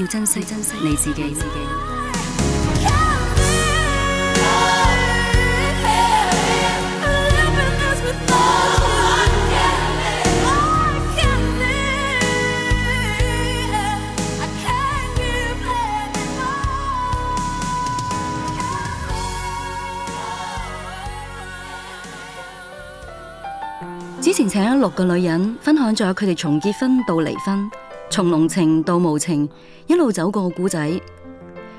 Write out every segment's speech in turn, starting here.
要珍惜珍惜你自己。之前請咗六個女人分享咗佢哋從結婚到離婚，從濃情到無情，一路走過古仔，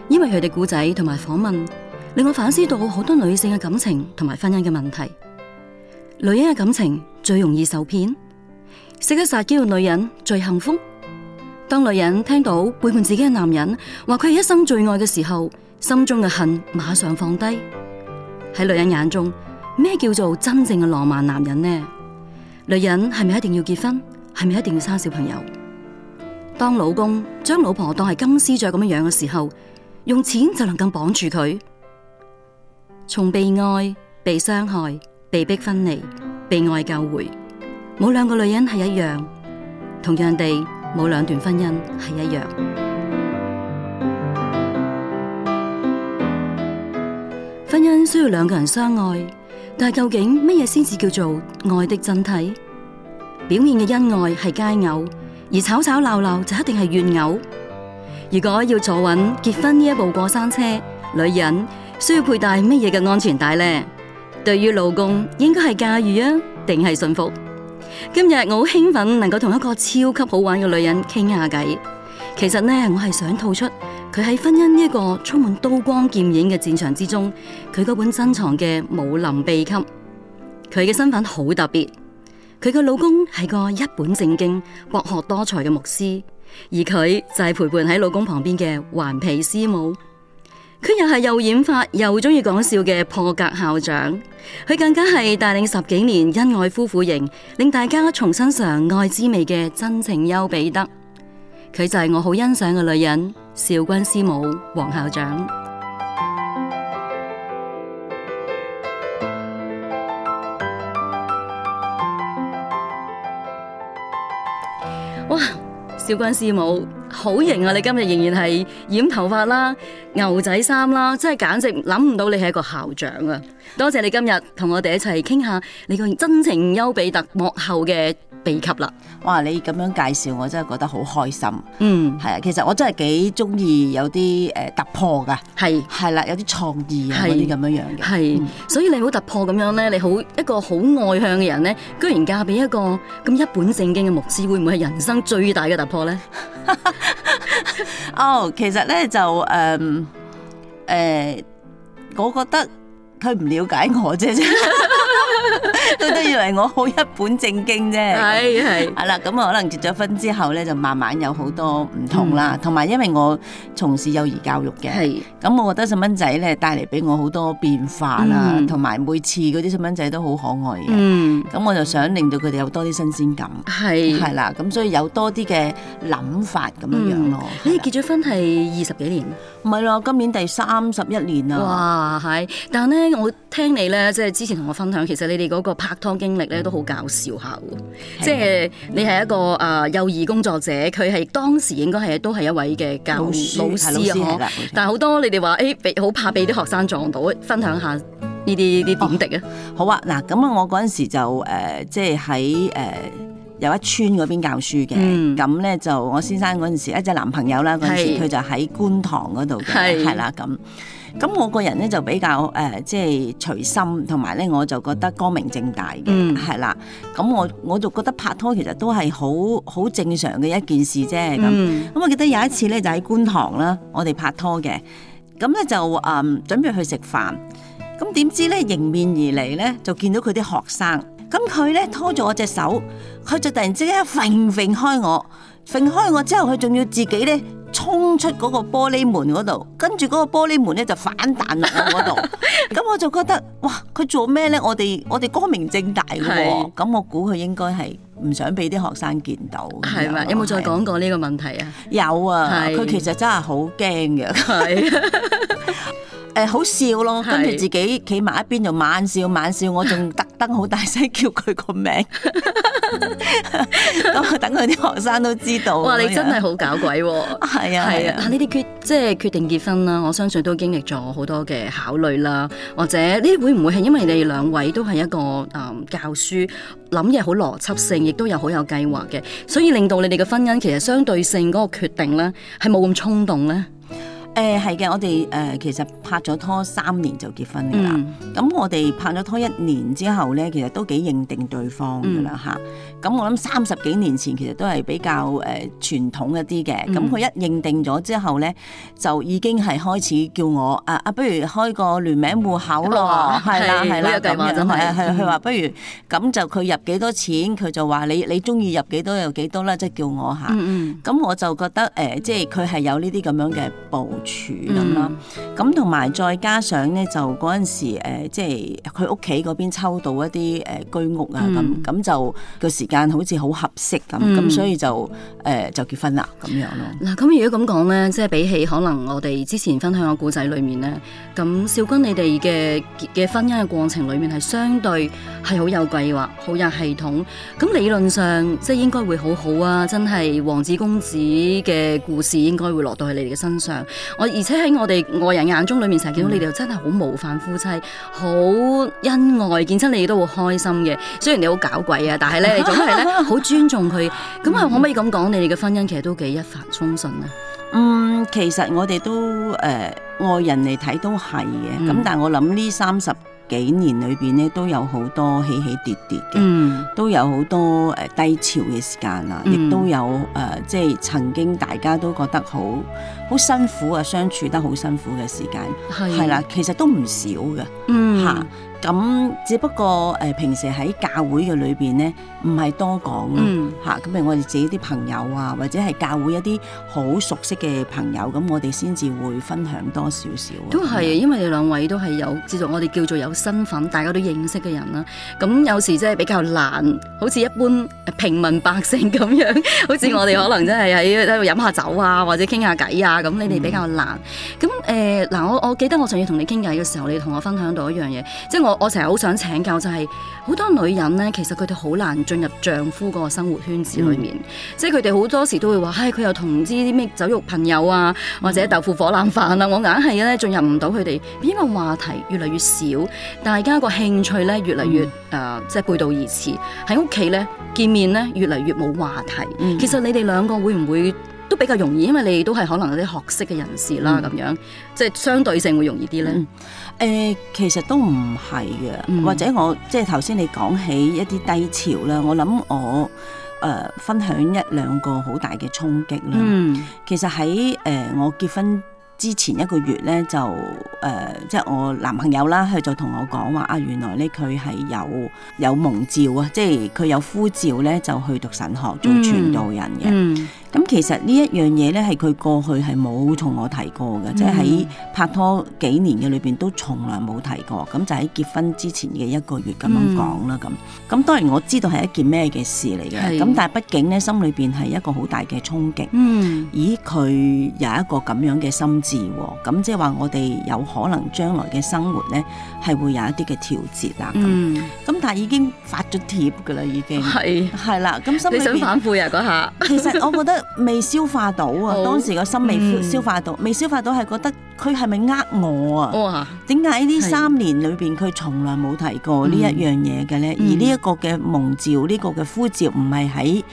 因為佢哋古仔同埋訪問，令我反思到好多女性嘅感情同埋婚姻嘅問題。女人嘅感情最容易受騙，識得撒嬌嘅女人最幸福。當女人聽到背叛自己嘅男人話佢係一生最愛嘅時候，心中嘅恨馬上放低。喺女人眼中，咩叫做真正嘅浪漫男人呢？女人係咪一定要結婚？係咪一定要生小朋友？當老公將老婆當係金絲雀咁樣養嘅時候，用錢就能夠綁住佢。從被愛、被傷害、被逼分離、被愛救回，冇兩個女人係一樣，同樣地冇兩段婚姻係一樣。 婚姻需要兩個人相愛，但係究竟乜嘢先至叫做愛的真諦？表面嘅恩愛係佳偶。而吵吵鬧鬧就一定係怨偶。如果要坐穩結婚呢一部過山車，女人需要佩戴乜嘢嘅安全帶呢？對於老公，應該係駕馭啊，定係信服？今日我好興奮，能夠同一個超級好玩嘅女人傾下偈。其實呢，我係想吐出佢喺婚姻呢一個充滿刀光劍影嘅戰場之中，佢嗰本珍藏嘅武林秘笈。佢嘅身份好特別。佢嘅老公係個一本正經、博學多才嘅牧師，而佢就係陪伴喺老公旁邊嘅頑皮師母。佢又係又染髮又中意講笑嘅破格校長，佢更加係帶領十幾年恩愛夫婦型，令大家重新嘗愛滋味嘅真情丘比特。佢就係我好欣賞嘅女人，邵軍師母黃校長。小軍師母好型啊！你今日仍然係染頭髮啦、牛仔衫啦，真係簡直諗唔到你係一個校長啊！多謝你今日同我哋一齊傾下你個真情丘比特幕後嘅秘笈啦！哇，你咁樣介紹我真係覺得好開心。嗯，係啊，其實我真係幾中意有啲誒、呃、突破噶，係係啦，有啲創意啊，啲咁樣樣嘅。係，嗯、所以你好突破咁樣咧，你好一個好外向嘅人咧，居然嫁俾一個咁一本正經嘅牧師，會唔會係人生最大嘅突破咧？哦， oh, 其實咧就誒誒我覺得。佢唔了解我啫，都都以為我好一本正經啫是。係係係啦，咁啊，可能結咗婚之後咧，就慢慢有好多唔同啦。同埋、嗯，因為我從事幼兒教育嘅，係是，咁、嗯，我覺得細蚊仔咧帶嚟俾我好多變化啦。同埋、嗯，每次嗰啲細蚊仔都好可愛嘅。嗯。咁我就想令到佢哋有多啲新鮮感。係是，係啦，咁所以有多啲嘅諗法咁、嗯、樣樣咯。你結咗婚係二十幾年？唔係咯，今年第三十一年啊，哇！係，但係咧。我聽你咧，即係之前同我分享，其實你哋嗰個拍拖經歷咧都好搞笑下嘅。嗯、即係你係一個誒、呃、幼兒工作者，佢係當時應該係都係一位嘅教老師，但係好多你哋話誒，好、欸、怕畀啲學生撞到，分享下呢啲呢啲點滴啊、哦。好啊，嗱，咁啊，我嗰陣時就誒，即係喺誒。呃有一村嗰邊教書嘅，咁咧、嗯、就我先生嗰陣時，一隻男朋友啦，嗰陣時佢就喺觀塘嗰度嘅，係啦咁。咁我個人咧就比較誒，即係隨心，同埋咧我就覺得光明正大嘅，係啦、嗯。咁我我就覺得拍拖其實都係好好正常嘅一件事啫。咁咁、嗯、我記得有一次咧就喺觀塘啦，我哋拍拖嘅，咁咧就誒、嗯、準備去食飯，咁點知咧迎面而嚟咧就見到佢啲學生。咁佢咧拖住我隻手，佢就突然之間揈揈開我，揈開我之後，佢仲要自己咧衝出嗰個玻璃門嗰度，跟住嗰個玻璃門咧就反彈落我嗰度。咁 我就覺得，哇！佢做咩咧？我哋我哋光明正大嘅喎，咁是我估佢應該係唔想俾啲學生見到。係嘛？有冇再講過呢個問題啊？是有啊，佢其實真係好驚嘅。是 誒、欸，好笑咯！跟住自己企埋一邊就猛笑猛笑，我仲特登好大聲叫佢個名，等佢啲學生都知道。哇，你真係好搞鬼！係 啊，係啊。呢啲，啊、決即係決定結婚啦，我相信都經歷咗好多嘅考慮啦，或者呢會唔會係因為你哋兩位都係一個誒、嗯、教書，諗嘢好邏輯性，亦都有好有計劃嘅，所以令到你哋嘅婚姻其實相對性嗰個決定咧係冇咁衝動咧。誒係嘅，我哋誒、呃、其實拍咗拖三年就結婚噶啦。咁、mm hmm. 我哋拍咗拖一年之後咧，其實都幾認定對方噶啦嚇。咁、mm hmm. 我諗三十幾年前其實都係比較誒、呃、傳統一啲嘅。咁佢一認定咗之後咧，就已經係開始叫我啊啊，啊不如開個聯名戶口咯，係啦係啦，咁樣係佢話不如咁就佢入幾多錢，佢就話你你中意入幾多入幾多啦，即係叫我嚇。咁、mm hmm. 我就覺得誒，即係佢係有呢啲咁樣嘅步。咁啦，咁同埋再加上咧，就嗰陣時誒、呃，即係佢屋企嗰邊抽到一啲誒居屋啊，咁咁、嗯、就個時間好似好合適咁，咁、嗯、所以就誒、呃、就結婚啦咁樣咯。嗱、嗯，咁如果咁講咧，即係比起可能我哋之前分享嘅故仔裏面咧，咁少君你哋嘅結嘅婚姻嘅過程裏面係相對係好有計劃、好有系統，咁理論上即係應該會好好啊！真係王子公子嘅故事應該會落到喺你哋嘅身上。我而且喺我哋外人眼中裏面成日見到你哋真係好模範夫妻，好恩愛，見親你哋都會開心嘅。雖然你好搞鬼啊，但係咧你總係咧好尊重佢。咁啊 可唔可以咁講？你哋嘅婚姻其實都幾一帆風順啊。嗯，其實我哋都誒、呃、外人嚟睇都係嘅。咁但係我諗呢三十。幾年裏邊咧都有好多起起跌跌嘅，都有好多誒低潮嘅時間啊，亦都有誒、呃、即係曾經大家都覺得好好辛苦啊，相處得好辛苦嘅時間係啦，其實都唔少嘅。嗯吓，咁、嗯，只不過誒，平時喺教會嘅裏邊咧，唔係多講啦嚇。咁誒，我哋自己啲朋友啊，或者係教會一啲好熟悉嘅朋友，咁我哋先至會分享多少少。都係，因為你兩位都係有，即係我哋叫做有身份，大家都認識嘅人啦。咁有時真係比較難，好似一般平民百姓咁樣，好似我哋可能真係喺度飲下酒啊，或者傾下偈啊，咁你哋比較難。咁誒嗱，我我記得我上次同你傾偈嘅時候，你同我分享到一樣。即係我，我成日好想請教，就係，就係好多女人呢，其實佢哋好難進入丈夫個生活圈子裏面。嗯、即係佢哋好多時都會話，唉，佢又同唔知啲咩酒肉朋友啊，或者豆腐火腩飯啊，我硬係咧進入唔到佢哋，因為話題越嚟越少，大家個興趣咧越嚟越誒、呃，即係背道而馳。喺屋企咧見面咧越嚟越冇話題。其實你哋兩個會唔會？都比較容易，因為你都係可能有啲學識嘅人士啦，咁、嗯、樣即係相對性會容易啲咧。誒、嗯呃，其實都唔係嘅，嗯、或者我即係頭先你講起一啲低潮啦，我諗我誒、呃、分享一兩個好大嘅衝擊啦。嗯，其實喺誒、呃、我結婚之前一個月咧，就誒、呃、即係我男朋友啦，佢就同我講話啊，原來咧佢係有有蒙召啊，即係佢有呼召咧，就去讀神學做傳道人嘅。嗯嗯咁其實呢一樣嘢咧，係佢過去係冇同我提過嘅，嗯、即係喺拍拖幾年嘅裏邊都從來冇提過，咁就喺結婚之前嘅一個月咁樣講啦，咁咁、嗯、當然我知道係一件咩嘅事嚟嘅，咁是但係畢竟咧心裏邊係一個好大嘅衝擊，嗯、咦佢有一個咁樣嘅心智喎，咁即係話我哋有可能將來嘅生活咧係會有一啲嘅調節啊，咁、嗯、但係已經發咗貼噶啦，已經係係啦，咁是心裏邊你想反悔啊嗰下？刻其實我覺得。 未消化到啊！Oh，當時個心未消化到，未、嗯、消化到係覺得佢係咪呃我啊？點解呢三年裏邊佢從來冇提過呢一樣嘢嘅咧？嗯、而呢一個嘅蒙召，呢、呢個嘅呼召唔係喺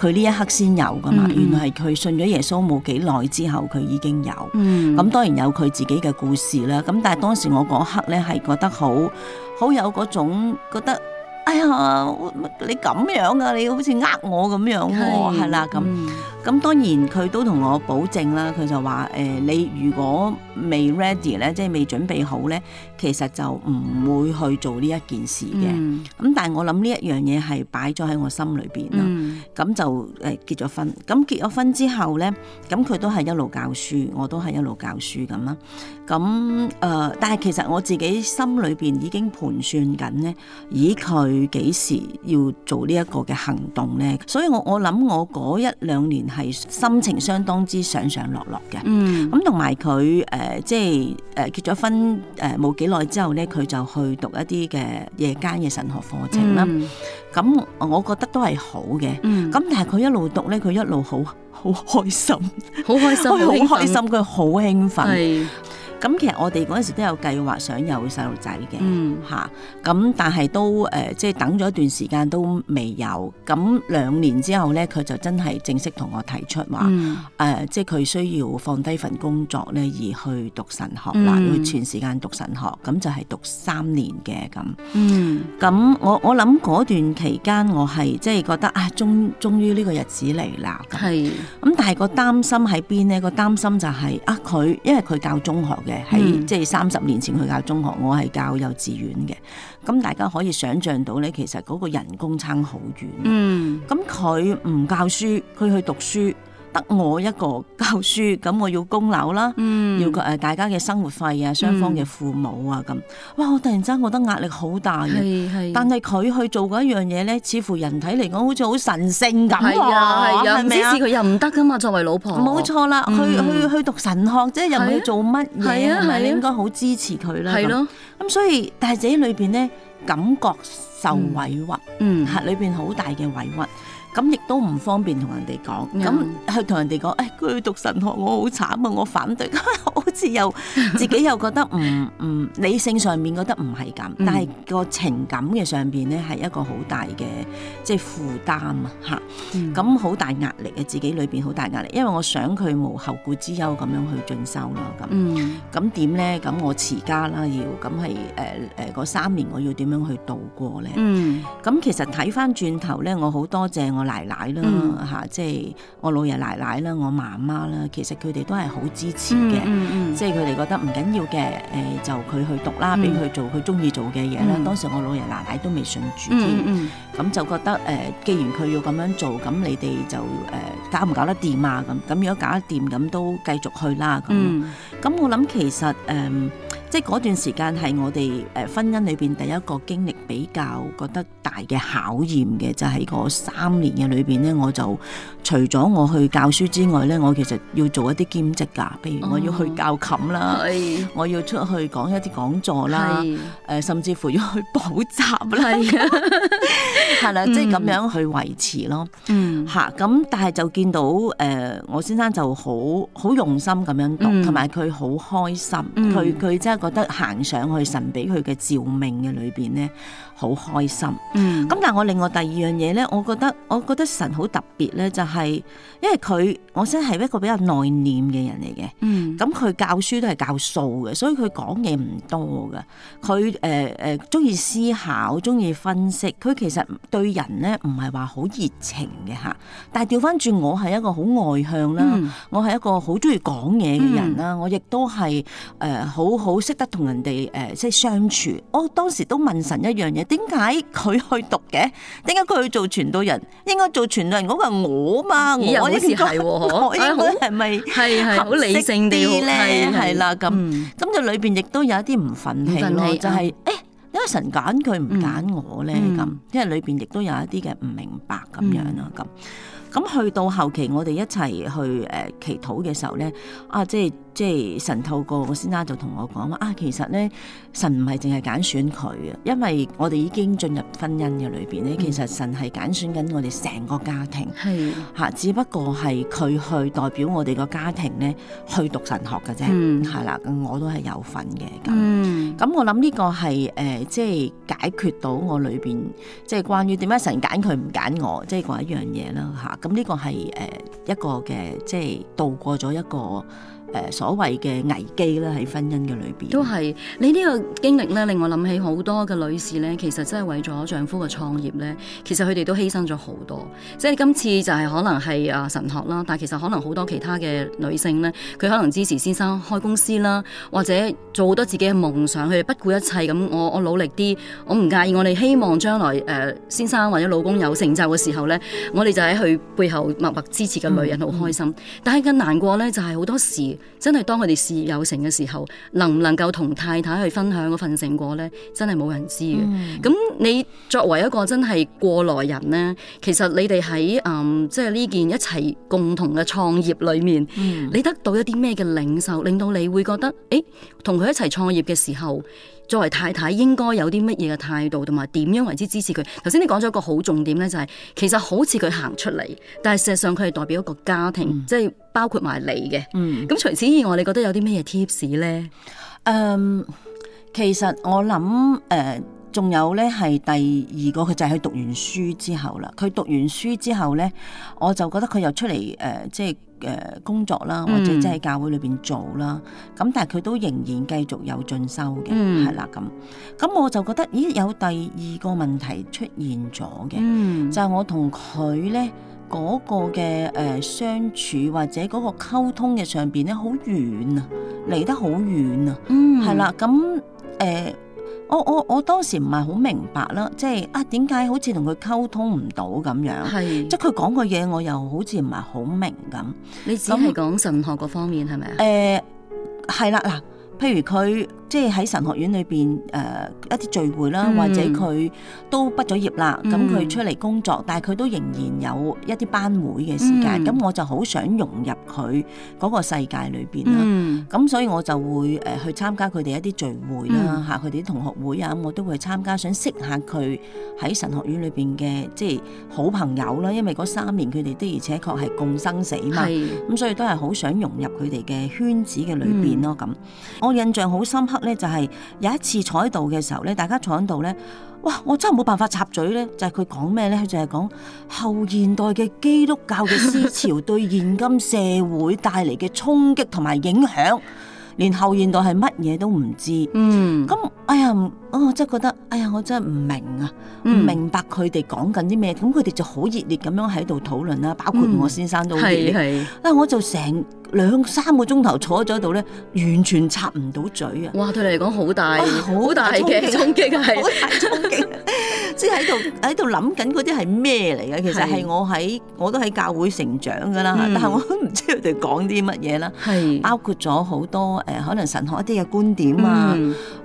佢呢一刻先有噶嘛？嗯、原來係佢信咗耶穌冇幾耐之後，佢已經有。咁、嗯、當然有佢自己嘅故事啦。咁但係當時我嗰刻咧係覺得好好有嗰種覺得。哎呀，你咁樣啊！你好似呃我咁樣喎、啊，係啦咁。咁、嗯、當然佢都同我保證啦，佢就話誒、呃，你如果未 ready 咧，即係未準備好咧，其實就唔會去做呢一件事嘅。咁、嗯、但係我諗呢一樣嘢係擺咗喺我心裏邊啦。咁、嗯、就誒結咗婚。咁結咗婚之後咧，咁佢都係一路教書，我都係一路教書咁啦。咁誒、呃，但係其實我自己心裏邊已經盤算緊咧，以佢。佢幾時要做呢一個嘅行動咧？所以我我諗我嗰一兩年係心情相當之上上落落嘅。嗯，咁同埋佢誒，即係誒結咗婚誒，冇幾耐之後咧，佢就去讀一啲嘅夜間嘅神學課程啦。咁、嗯、我覺得都係好嘅。咁、嗯、但係佢一路讀咧，佢一路好好開心，好開心，佢好 開心，佢好興奮。咁其實我哋嗰陣時都有計劃想有細路仔嘅，嚇咁、嗯啊、但係都誒，即、呃、係、就是、等咗一段時間都未有。咁兩年之後咧，佢就真係正式同我提出話誒，即係佢需要放低份工作咧，而去讀神學啦，會、嗯、全時間讀神學，咁就係讀三年嘅咁。嗯，咁我我諗嗰段期間，我係即係覺得啊，終終於呢個日子嚟啦。係咁，是但係個擔心喺邊咧？個擔心就係、是、啊，佢因為佢教，教中學。喺即係三十年前去教中學，我係教幼稚園嘅，咁大家可以想象到咧，其實嗰個人工差好遠。嗯，咁佢唔教書，佢去讀書。得我一個教書，咁我要供樓啦，要誒大家嘅生活費啊，雙方嘅父母啊，咁哇，我突然間覺得壓力好大嘅，但係佢去做嗰一樣嘢咧，似乎人體嚟講好似好神聖咁啊，係咪啊？佢又唔得噶嘛，作為老婆，冇錯啦，去去去讀神學，即係又唔去做乜嘢，係咪應該好支持佢啦？係咯，咁所以但係自己裏邊咧，感覺受委屈，嗯吓，裏邊好大嘅委屈。咁亦都唔方便同人哋講，咁 Yeah.、哎、去同人哋講，誒佢去讀神學，我好慘啊！我反對， 好似又 自己又覺得唔唔、嗯嗯、理性上面覺得唔係咁，但係個情感嘅上邊咧係一個好大嘅即係負擔啊嚇，咁好、mm. 嗯、大壓力啊！自己裏邊好大壓力，因為我想佢無後顧之憂咁樣去進修啦咁，咁點咧？咁我持家啦要，咁係誒誒三年我要點樣去度過咧？咁、mm. 其實睇翻轉頭咧，我好多謝我。嗯、奶奶啦嚇，即係我老爺奶奶啦，我媽媽啦，其實佢哋都係好支持嘅，嗯嗯、即係佢哋覺得唔緊要嘅，誒、呃、就佢去讀啦，俾佢做佢中意做嘅嘢啦。嗯、當時我老爺奶奶都未順住咁、嗯嗯、就覺得誒、呃，既然佢要咁樣做，咁你哋就誒、呃、搞唔搞得掂啊？咁咁如果搞得掂，咁都繼續去啦。咁咁、嗯、我諗其實誒。呃即係嗰段時間係我哋誒婚姻裏邊第一個經歷比較覺得大嘅考驗嘅，就係嗰三年嘅裏邊咧，我就除咗我去教書之外咧，我其實要做一啲兼職㗎。譬如我要去教琴啦，我要出去講一啲講座啦，誒甚至乎要去補習啦，係啦，即係咁樣去維持咯。嗯、嚇咁，但係就見到誒我先生就好好用心咁樣讀，同埋佢好開心，佢佢真係～覺得行上去神俾佢嘅照明嘅裏邊咧。好開心，嗯，咁但係我另外第二樣嘢咧，我覺得我覺得神好特別咧，就係、是、因為佢，我真係一個比較內斂嘅人嚟嘅，嗯，咁佢教書都係教數嘅，所以佢講嘢唔多噶。佢誒誒鍾意思考，鍾意分析。佢其實對人咧唔係話好熱情嘅吓，但係調返轉我係一個好外向啦，嗯、我係一個好鍾意講嘢嘅人啦，嗯、我亦都係誒、呃、好好識得同人哋誒、呃、即係相處，我當時都問神一樣嘢。點解佢去讀嘅？點解佢去做傳道人？應該做傳道人嗰個我嘛？我應該係？嗬， 應該係咪係係好理性啲咧？係 啦，咁咁就裏邊亦都有一啲唔忿氣咯，就係誒，因為神揀佢唔揀我咧，咁因為裏邊亦都有一啲嘅唔明白咁樣咯，咁咁去到後期我哋一齊去誒祈禱嘅時候咧，啊，即係。即係神透過我先生就同我講話啊，其實咧，神唔係淨係揀選佢嘅，因為我哋已經進入婚姻嘅裏邊咧，其實神係揀選緊我哋成個家庭，係吓、嗯，只不過係佢去代表我哋個家庭咧去讀神學嘅啫，係啦、嗯，我都係有份嘅咁。咁、嗯嗯、我諗呢個係誒，即、呃、係解決到我裏邊即係關於點解神揀佢唔揀我，即係嗰一樣嘢啦吓。咁呢個係誒一個嘅，即係度過咗一個。誒，所謂嘅危機啦，喺婚姻嘅裏邊，都係你呢個經歷咧，令我諗起好多嘅女士咧，其實真係為咗丈夫嘅創業咧，其實佢哋都犧牲咗好多。即係今次就係可能係啊神學啦，但係其實可能好多其他嘅女性咧，佢可能支持先生開公司啦，或者做好多自己嘅夢想，佢不顧一切咁，我我努力啲，我唔介意，我哋希望將來誒、呃、先生或者老公有成就嘅時候咧，我哋就喺佢背後默默支持嘅女人好開心。嗯嗯，但係更難過咧，就係、是、好多時。真係當佢哋事業有成嘅時候，能唔能夠同太太去分享嗰份成果呢？真係冇人知嘅。咁、嗯、你作為一個真係過來人呢，其實你哋喺即係呢件一齊共同嘅創業裏面，你得到一啲咩嘅領受，令到你會覺得誒，同、欸、佢一齊創業嘅時候。作為太太應該有啲乜嘢嘅態度，同埋點樣為之支持佢？頭先你講咗一個好重點咧，就係、是、其實好似佢行出嚟，但係事實上佢係代表一個家庭，嗯、即係包括埋你嘅。咁、嗯、除此以外，你覺得有啲咩 tips 咧？嗯，其實我諗誒，仲、呃、有咧係第二個，佢就係、是、佢讀完書之後啦。佢讀完書之後咧，我就覺得佢又出嚟誒、呃，即係。誒，工作啦，或者即係教會裏邊做啦，咁、嗯、但係佢都仍然繼續有進修嘅。係啦咁，咁我就覺得，咦，有第二個問題出現咗嘅，嗯、就係我同佢咧嗰個嘅誒、呃、相處或者嗰個溝通嘅上邊咧好遠啊，離得好遠啊，係啦、嗯，咁誒。我我我當時唔係好明白啦，即係啊，點解好似同佢溝通唔到咁樣？係即係佢講嘅嘢我又好似唔係好明咁。你只係講嗱神學嗰方面係咪啊？誒，係啦嗱，譬如佢。即係喺神學院裏邊誒、呃、一啲聚會啦，或者佢都畢咗業啦，咁佢、嗯、出嚟工作，但係佢都仍然有一啲班會嘅時間，咁、嗯、我就好想融入佢個世界裏邊啦。咁、嗯、所以我就會誒去參加佢哋一啲聚會啦，吓佢哋啲同學會啊，我都會去參加，想識下佢喺神學院裏邊嘅即係好朋友啦。因為嗰三年佢哋的而且確係共生死嘛，咁是所以都係好想融入佢哋嘅圈子嘅裏邊咯。咁、嗯嗯、我印象好深刻。咧就係有一次坐喺度嘅時候咧，大家坐喺度咧，哇！我真係冇辦法插嘴咧，就係佢講咩咧？佢就係講後現代嘅基督教嘅思潮對現今社會帶嚟嘅衝擊同埋影響，連後現代係乜嘢都唔知。嗯，咁哎呀。哦，我真係覺得，哎呀，我真係唔明啊，唔明白佢哋講緊啲咩，咁佢哋就好熱烈咁樣喺度討論啦，包括我先生都係，啊，我就成兩三個鐘頭坐咗喺度咧，完全插唔到嘴啊！哇，對你嚟講好大，好大嘅衝擊啊，好大衝擊，即係喺度喺度諗緊嗰啲係咩嚟嘅？其實係我喺我都喺教會成長㗎啦，但係我都唔知佢哋講啲乜嘢啦，包括咗好多誒，可能神學一啲嘅觀點啊，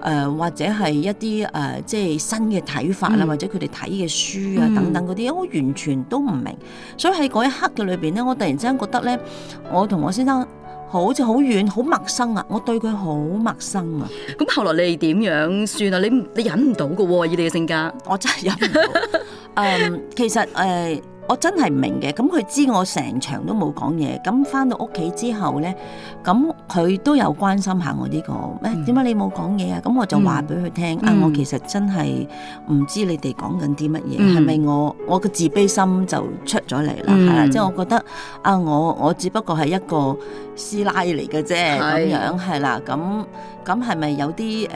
誒或者係一。啲誒即係新嘅睇法啦，嗯、或者佢哋睇嘅書啊等等嗰啲，嗯、我完全都唔明。所以喺嗰一刻嘅裏邊咧，我突然之間覺得咧，我同我先生好似好遠、好陌生啊！我對佢好陌生啊！咁、嗯、後來你哋點樣算啊？你你忍唔到㗎喎，以你嘅性格，我真係忍唔到。誒， um, 其實誒。呃我真係唔明嘅，咁佢知我成場都冇講嘢，咁翻到屋企之後咧，咁佢都有關心下我呢、這個咩？點解、嗯、你冇講嘢啊？咁我就話俾佢聽啊，我其實真係唔知你哋講緊啲乜嘢，係咪、嗯、我我嘅自卑心就出咗嚟啦？係啦、嗯，即係我覺得啊，我我只不過係一個師奶嚟嘅啫，咁是樣，係啦，咁咁係咪有啲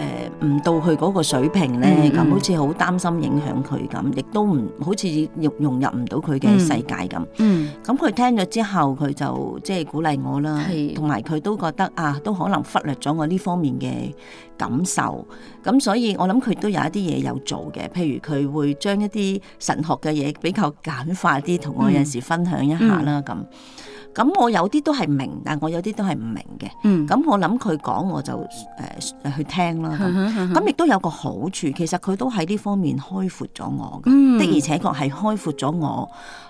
誒唔到佢嗰個水平咧？咁、嗯嗯、好似好擔心影響佢咁，亦都唔好似融融入唔到佢。世界咁，咁佢、嗯嗯、聽咗之後，佢就即係鼓勵我啦，同埋佢都覺得啊，都可能忽略咗我呢方面嘅感受，咁所以我諗佢都有一啲嘢有做嘅，譬如佢會將一啲神學嘅嘢比較簡化啲，同我有陣時分享一下啦咁。嗯嗯咁我有啲都係明，但我有啲都係唔明嘅。咁、mm hmm. 我諗佢講我就誒去聽啦。咁亦、mm hmm. 都有個好處，其實佢都喺呢方面開闊咗我，的而且、mm hmm. 確係開闊咗我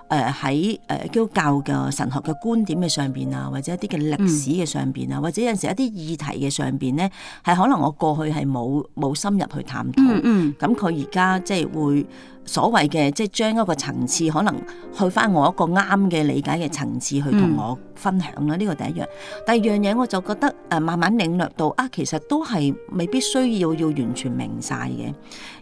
誒喺基督教嘅神學嘅觀點嘅上邊啊，或者一啲嘅歷史嘅上邊啊，或者有陣時一啲議題嘅上邊咧，係可能我過去係冇冇深入去探討。咁佢、mm hmm. 而家即係會。所謂嘅即係將一個層次，可能去返我一個啱嘅理解嘅層次去同我分享啦。呢、嗯、個第一樣，第二樣嘢我就覺得誒、呃、慢慢領略到啊，其實都係未必需要要完全明晒嘅，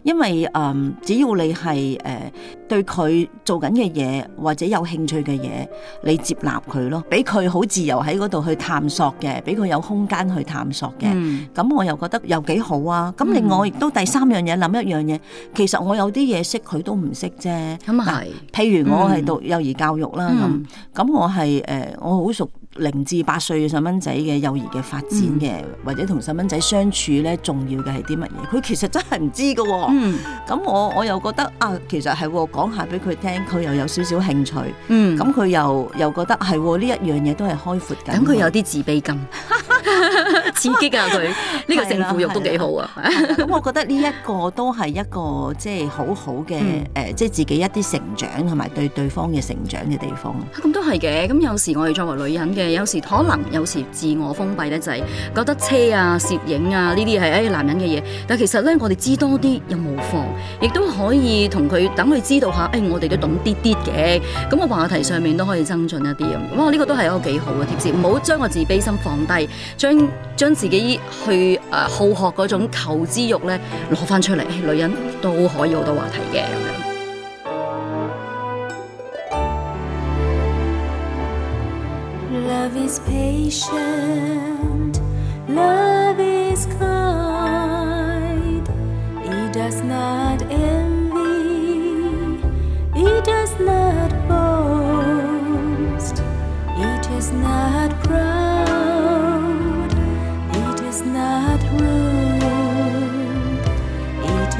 因為誒、呃、只要你係誒、呃、對佢做緊嘅嘢或者有興趣嘅嘢，你接納佢咯，俾佢好自由喺嗰度去探索嘅，俾佢有空間去探索嘅，咁、嗯、我又覺得又幾好啊。咁另外亦都第三樣嘢諗一樣嘢，其實我有啲嘢識。佢都唔識啫，咁係。譬如我係讀幼兒教育啦，咁咁、嗯嗯、我係誒，我好熟零至八歲嘅細蚊仔嘅幼兒嘅發展嘅，嗯、或者同細蚊仔相處咧，重要嘅係啲乜嘢？佢其實真係唔知㗎，咁、嗯、我我又覺得啊，其實係講下俾佢聽，佢又有少少興趣，咁佢、嗯、又又覺得係呢一樣嘢都係開闊緊，佢、嗯、有啲自卑感。 刺激㗎佢呢個性福慾都幾好啊！咁我覺得呢一個都係一個即係好好嘅，誒，即係自己一啲成長同埋對對方嘅成長嘅地方。咁都係嘅。咁有時我哋作為女人嘅，有時可能有時自我封閉咧就係覺得車啊、攝影啊呢啲係誒男人嘅嘢。但係其實咧，我哋知多啲又冇妨，亦都可以同佢等佢知道下誒、哎、我哋都懂啲啲嘅。咁個話題上面都可以增進一啲咁。我呢、呢個都係一個幾好嘅貼士，唔好將個自卑心放低，將。將。自己去啊，好學嗰種求知欲咧，攞翻出嚟，女人都可以好多話題嘅咁樣。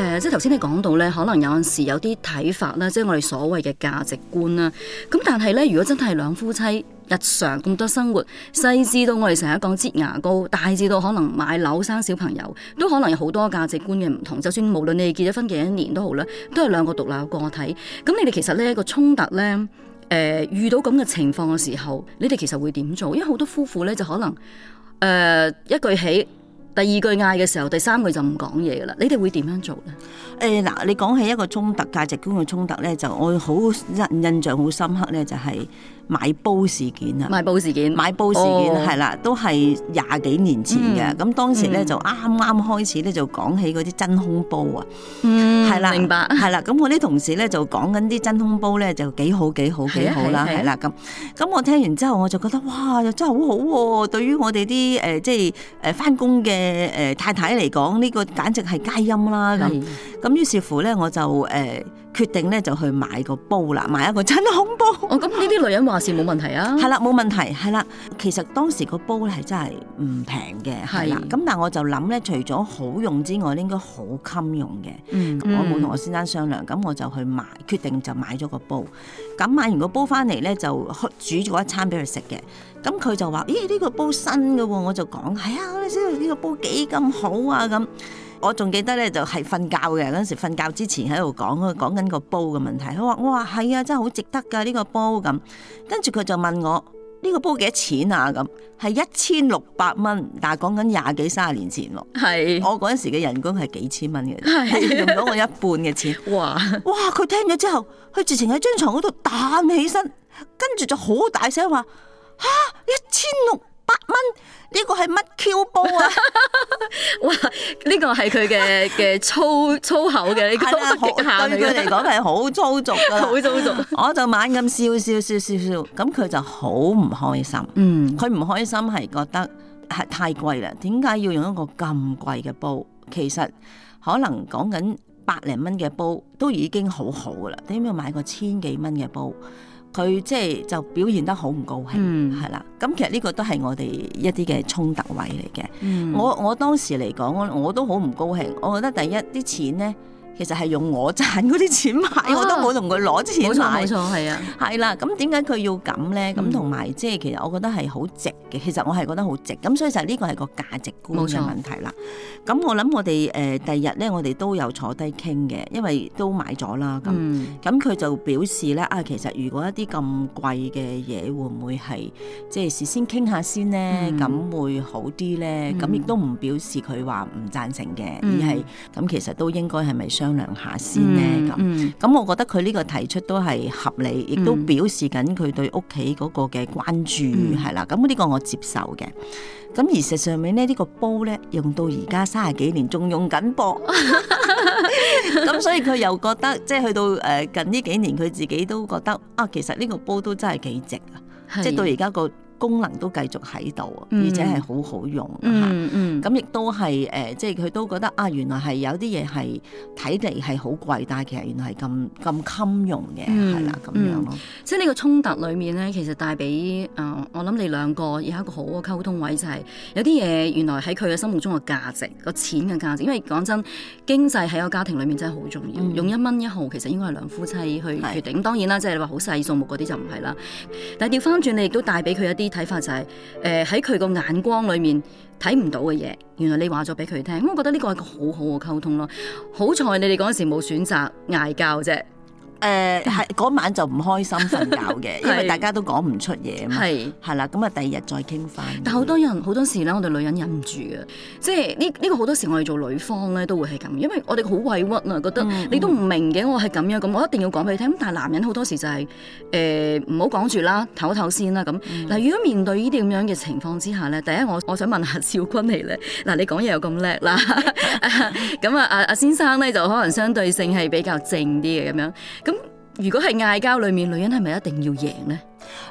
誒、呃，即係頭先你講到咧，可能有陣時有啲睇法啦，即係我哋所謂嘅價值觀啦、啊。咁但係咧，如果真係兩夫妻日常咁多生活，細至到我哋成日講擠牙膏，大至到可能買樓生小朋友，都可能有好多價值觀嘅唔同。就算無論你哋結咗婚幾多年都好啦，都係兩個獨立嘅個體。咁你哋其實咧、呢個衝突咧，誒、呃，遇到咁嘅情況嘅時候，你哋其實會點做？因為好多夫婦咧就可能誒、呃、一句起。第二句嗌嘅時候，第三句就唔講嘢噶啦。你哋會點樣做咧？誒，嗱，你講起一個衝突價值觀嘅衝突咧，就我好印印象好深刻咧，就係。買煲事件啊！買煲事件，買煲事件係啦、哦，都係廿幾年前嘅。咁、嗯、當時咧就啱啱開始咧就講起嗰啲真空煲啊，嗯，係啦的，係啦，明白。咁我啲同事咧就講緊啲真空煲咧就幾好幾好幾好啦，係啦咁。咁的我聽完之後我就覺得哇，又真係好好、啊、喎！對於我哋啲誒即係誒翻工嘅誒太太嚟講，呢、呢個簡直係佳音啦咁。咁的的於是乎咧我就誒。決定咧就去買個煲啦，買一個真空煲。哦，咁呢啲女人話事冇問題啊。係啦， 冇問題，係啦。其實當時個煲咧係真係唔平嘅，係啦是。咁但係我就諗咧，除咗好用之外，應該好襟用嘅，嗯。嗯，我冇同我先生商量，咁我就去買，決定就買咗個煲。咁買完個煲翻嚟咧，就煮咗一餐俾佢食嘅。咁佢就話：咦，呢、呢個煲新嘅喎，我就講：係、哎呢個、啊，呢呢個煲幾咁好啊咁。我仲記得咧，就係瞓覺嘅嗰陣時，瞓覺之前喺度講，講緊個煲嘅問題。佢話：哇，我話係啊，真係好值得㗎呢個煲咁。跟住佢就問我：呢個煲幾多錢啊？咁係一千六百蚊，但係講緊廿幾卅年前喎。係。我嗰陣時嘅人工係幾千蚊嘅，係用到我一半嘅錢。 哇！哇！佢聽咗之後，佢直情喺張床嗰度彈起身，跟住就好大聲話：嚇一千六！1, 八蚊呢個係乜 Q 煲啊？ 哇！呢、這個係佢嘅嘅粗粗口嘅。呢、這個，好激烈嘅，對佢嚟講係好粗俗嘅，好 粗俗。我就猛咁笑笑，笑笑笑笑，咁佢就好唔開心。嗯，佢唔開心係覺得係太貴啦。點解要用一個咁貴嘅煲？其實可能講緊百零蚊嘅煲都已經好好噶啦，你點要買個千幾蚊嘅煲？佢即係就表現得好唔高興，係啦、嗯。咁其實呢個都係我哋一啲嘅衝突位嚟嘅。嗯、我我當時嚟講，我都好唔高興。我覺得第一，啲錢咧。其實係用我賺嗰啲錢買，我都冇同佢攞錢買，冇錯係啊，係啦，咁點解佢要咁咧？咁同埋即係其實我覺得係好值嘅，其實我係覺得好值，咁所以就呢個係個價值觀上問題啦。咁我諗我哋誒第二日咧，我哋都有坐低傾嘅，因為都買咗啦。咁咁佢就表示咧啊，其實如果一啲咁貴嘅嘢，會唔會係即係事先傾下先呢，咁會好啲咧？咁亦都唔表示佢話唔贊成嘅，而係咁其實都應該係咪雙商量下先咧咁，咁，嗯嗯、我覺得佢呢個提出都係合理，亦都表示緊佢對屋企嗰個嘅關注係啦。咁呢、嗯這個我接受嘅。咁而實上面咧，呢個煲咧用到而家三十幾年，仲用緊噃。咁 所以佢又覺得，即、就、係、是、去到誒近呢幾年，佢自己都覺得啊，其實呢個煲都真係幾值啊！的即係到而家個。功能都繼續喺度，而且係好好用。咁亦都係，誒、嗯，即係佢都覺得啊，原來係有啲嘢，係睇嚟係好貴，但係其實原來係咁咁襟用嘅，係啦，咁樣咯，嗯嗯。即係呢個衝突裏面咧，其實帶俾誒，我諗你兩個有一個好嘅溝通位，就係、是、有啲嘢原來喺佢嘅心目中嘅價值、個錢嘅價值。因為講真，經濟喺個家庭裏面真係好重要。嗯、1 用一蚊一毫，其實應該係兩夫妻去決定。嗯、當然啦，即係你話好細數目嗰啲就唔係啦。但係調翻轉，你亦都帶俾佢一啲睇法就係、是，誒喺佢個眼光裏面睇唔到嘅嘢，原來你話咗俾佢聽，我覺得呢個係個好的溝好嘅溝通咯。好在你哋嗰陣時冇選擇嗌交啫。誒，係嗰晚就唔開心瞓覺嘅，因為大家都講唔出嘢嘛。係啦，咁啊，第二日再傾翻。但好多人好多時咧，我哋女人忍唔住嘅，即係呢呢個好多時我哋做女方咧都會係咁，因為我哋好委屈啊，覺得你都唔明嘅，我係咁樣咁，我一定要講俾你聽。咁但係男人好多時就係誒，唔好講住啦，唞唞先啦。咁嗱，如果面對呢啲咁樣嘅情況之下咧，第一我我想問下少君你咧，嗱你講嘢有咁叻啦，咁啊阿阿先生咧就可能相對性係比較靜啲嘅咁樣。如果係嗌交裏面，女人係咪一定要贏咧？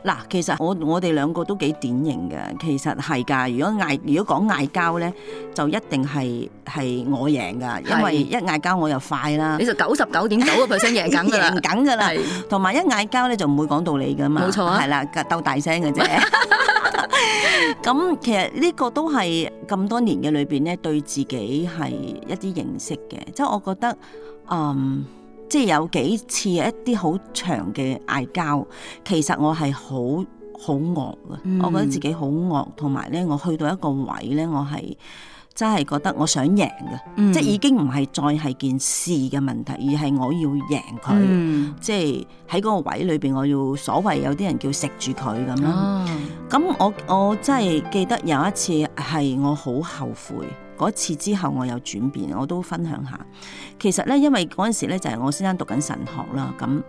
嗱，其實我我哋兩個都幾典型嘅。其實係噶，如果嗌，如果講嗌交咧，就一定係係我贏噶，因為一嗌交我又快啦。你就九十九點九個 percent 贏緊噶啦，贏緊噶啦。同埋 是一嗌交咧就唔會講道理噶嘛，冇錯錯、啊。係啦，鬥大聲嘅啫。咁其實呢個都係咁多年嘅裏邊咧，對自己係一啲認識嘅。即係我覺得，嗯。即係有幾次一啲好長嘅嗌交，其實我係好好惡嘅，嗯、我覺得自己好惡，同埋咧我去到一個位咧，我係真係覺得我想贏嘅，嗯、即係已經唔係再係件事嘅問題，而係我要贏佢。嗯、即係喺嗰個位裏邊，我要所謂有啲人叫食住佢咁樣。咁、哦、我我真係記得有一次係我好後悔。嗰次之後我有轉變，我都分享下。其實咧，因為嗰陣時咧就係、是、我先生讀緊神學啦，咁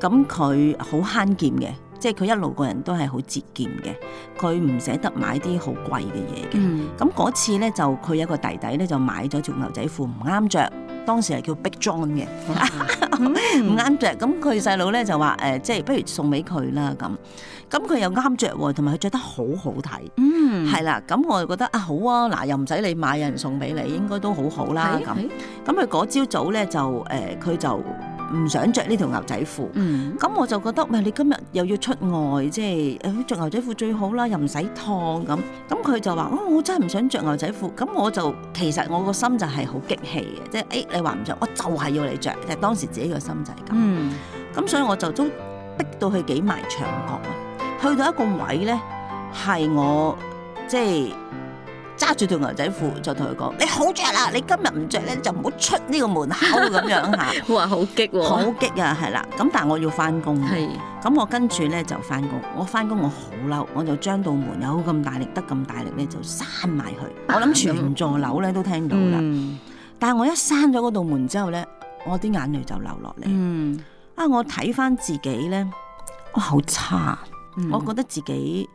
咁佢好慳儉嘅，即係佢一路個人都係好節儉嘅，佢唔捨得買啲好貴嘅嘢嘅。咁嗰、嗯、次咧就佢有個弟弟咧就買咗條牛仔褲唔啱着，當時係叫 Big John 嘅，唔啱着。咁佢細佬咧就話誒、呃，即係不如送俾佢啦咁。咁佢又啱着喎，同埋佢着得好好睇，嗯，係啦。咁我就覺得啊好啊，嗱又唔使你買，有人送俾你，應該都好好啦。咁咁佢嗰朝早咧就誒，佢就唔想着呢條牛仔褲。咁我就覺得，喂你今日又要出外，即係着牛仔褲最好啦，又唔使燙咁。咁佢就話，哦，我真係唔想着牛仔褲。咁我就其實我個心就係好激氣嘅，即係誒你話唔着，我就係要你着。就係當時自己個心仔咁。咁、嗯、所以我就都逼到佢幾埋牆角。去到一個位咧，係我即係揸住條牛仔褲，就同佢講：你好着啦，你今日唔着咧，就唔好出呢個門口咁樣嚇。 哇！好激喎！好激啊，係啦、啊。咁但係我要翻工，咁的、嗯、我跟住咧就翻工。我翻工我好嬲，我就將道門有咁大力，得咁大力咧就閂埋去。我諗全座樓咧都聽到啦。但係我一閂咗嗰道門之後咧，我啲眼淚就流落嚟。嗯，啊！我睇翻自己咧，哇！好差。我覺得自己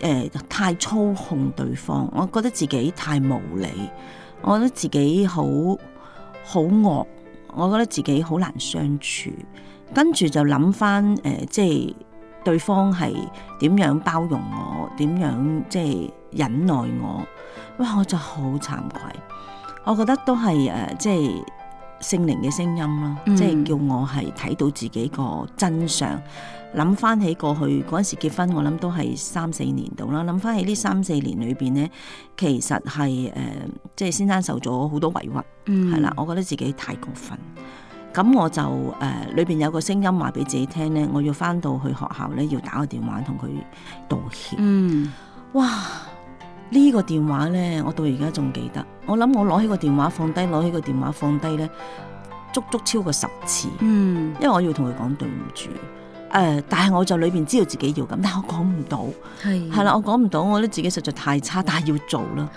誒、呃、太操控對方，我覺得自己太無理，我覺得自己好好惡，我覺得自己好難相處。跟住就諗翻誒，即係對方係點樣包容我，點樣即係忍耐我。哇！我就好慚愧，我覺得都係誒、呃，即係聖靈嘅聲音啦，即係叫我係睇到自己個真相。諗翻起過去嗰陣時結婚我，我諗都係三四年度啦。諗翻起呢三四年裏邊咧，其實係誒，即、呃、係、即係、先生受咗好多委屈，係啦、嗯。我覺得自己太過分，咁我就誒，裏、呃、邊有個聲音話俾自己聽咧，我要翻到去學校咧，要打個電話同佢道歉。嗯，哇！呢、呢個電話咧，我到而家仲記得。我諗我攞起個電話放低，攞起個電話放低咧，足足超過十次。嗯，因為我要同佢講對唔住。誒、呃，但係我就裏邊知道自己要咁，但係我講唔到，係係啦，我講唔到，我覺得自己實在太差，但係要做啦。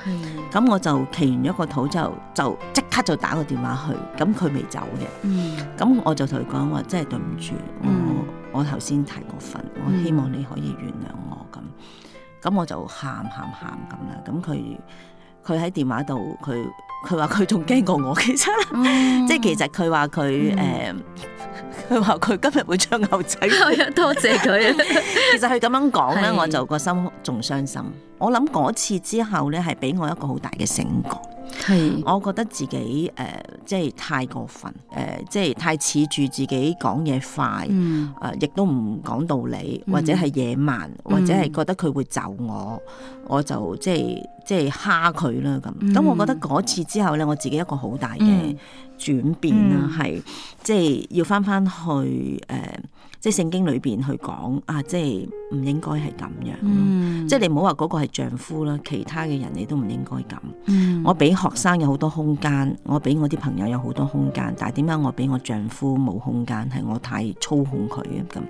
咁的我就企完咗個肚之後，就即刻就打個電話去，咁佢未走嘅。咁、嗯、我就同佢講話，真係對唔住，我我頭先太過分，我希望你可以原諒我咁。咁、嗯、我就喊喊喊咁啦，咁佢佢喺電話度佢。佢話佢仲驚過我。其實即係其實佢話佢誒，佢話佢今日會着牛仔褲。 多謝佢他。 其實佢咁樣講咧，是我就個心仲傷心。我諗嗰次之後咧，係俾我一個好大嘅醒覺。係，我覺得自己誒、呃，即係太過分，誒、呃，即係太恃住自己講嘢快，誒、嗯呃，亦都唔講道理，或者係野蠻，或者係覺得佢會就我，嗯、我就即係即係蝦佢啦咁。咁、嗯、我覺得嗰次之後咧，我自己一個好大嘅轉變啦，係、嗯、即係要翻翻去誒。呃即係聖經裏邊去講啊，即係唔應該係咁樣。嗯、即係你唔好話嗰個係丈夫啦，其他嘅人你都唔應該咁。嗯、我俾學生有好多空間，我俾我啲朋友有好多空間，但係點解我俾我丈夫冇空間？係我太操控佢啊咁。